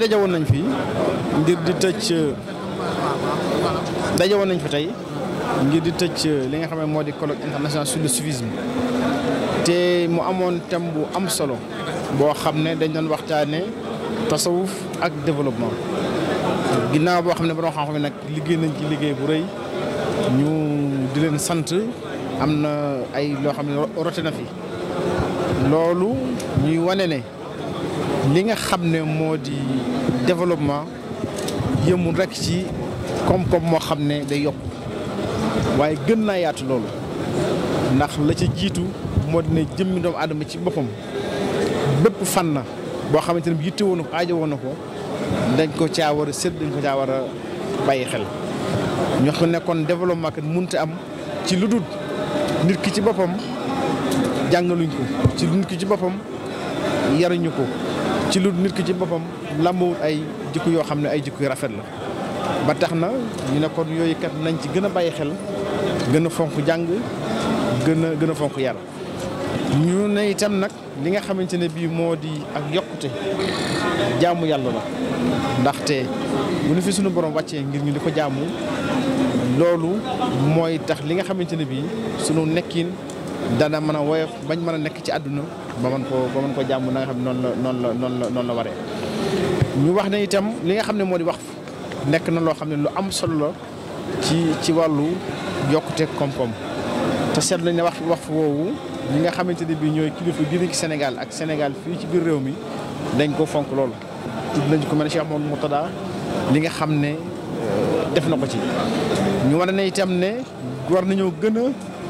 tey daje nañ fi ngir di tecc daje nañ fi tay ngir di tecc li nga xamé ne colloque international sur le soufisme té mu amone tam bu am solo bo xamné dañ doon waxtané tasawuf ak développement ginnaaw bo xamné ne borom xam-xam nak liggéey nañ ci liggéey bu reuy ñu di leen sante amna ay lo xamné roté na fi lolu ñuy wané né li nga xam ne moo di développement yëmul rekk ci koom-koom moo xam ne day yokk waaye gën naa yaatu loolu ndax la ci jiitu moo di ne jëmmi doomu aadama ci boppam bépp fan na boo xamante ne yitte woon na ko aajo woon na ko dañ ko caa war a sét dañ ko caa war a bàyyi xel ñu nekkoon développement kat mënut am ci lu dul nit ki ci boppam jàngaluñ ko ci nit ki ci boppam yaruñu ko ci lu nit ki ci boppam làmbuwut ay jikk yoo xam ne ay jikko yu rafet la ba tax na ñu ne kon yooyu kat nañ ci gën a bàyyi xel gën a fonk jàng gën a gën a fonk yar ñu ne itam nag li nga xamante ne bii moo di ak yokkute jaamu yàlla la ndaxte bu ñu fi suñu borom wàccee ngir ñu di ko jaamu loolu mooy tax li nga xamante ne bii sunu nekkin dana mën a woyof bañ mën a nekk ci àdduna ba mën koo ko jàmm na nga xam noonu la noonu la noonu la noonu la waree ñu wax ne itam li nga xam ne moo di wax nekk na loo xam ne lu am solo la ci ci wàllu yokkute koom-koom te seet nañ ne wax wax woowu ñi nga xamante ne bii ñooy kilifa gi ci Sénégal ak Sénégal fii ci biir réew mi dañ ko fonk loolu nañ ko mel ne Cheikh li nga xam ne euh, def na ko ci ñu war ne itam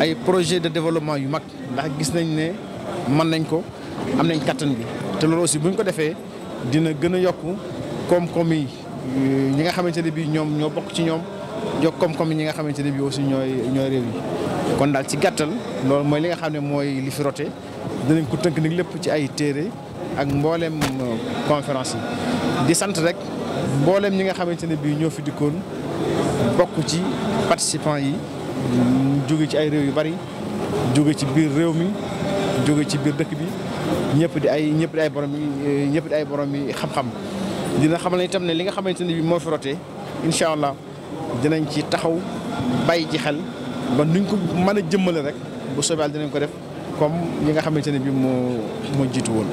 ay projet de développement yu mag ndax gis nañ ne mën nañ ko am nañ kattan bi te loolu aussi bu ñu ko defee dina gën a yokk koom-koom yi euh, ñi nga xamante ne bii ñoom ñoo bokk ci ñoom yokk koom yi ñi nga xamante ne bii aussi ñooy ñooy réew yi kon daal ci gàttal loolu mooy li nga xam ne mooy li fi rote dinañ ko tënk nag lépp ci ay téere ak mbooleem euh, conférence yi di sant rek mbooleem ñi nga xamante ne bii ñoo fi dikkoon bokk ci participants yi jóge ci ay réew yu bari jóge ci biir réew mi jóge ci biir dëkk bi ñëpp di ay ñëpp di ay borom yi ñëpp di ay borom yi xam-xam dina xamal itam ne li nga xamante ne bi moo fi rote allah dinañ ci taxaw bay ji xel ba nuñ ko mën a jëmmale rek bu soobee dinañ ko def comme ñi nga xamante ne bi moo moo jiitu woon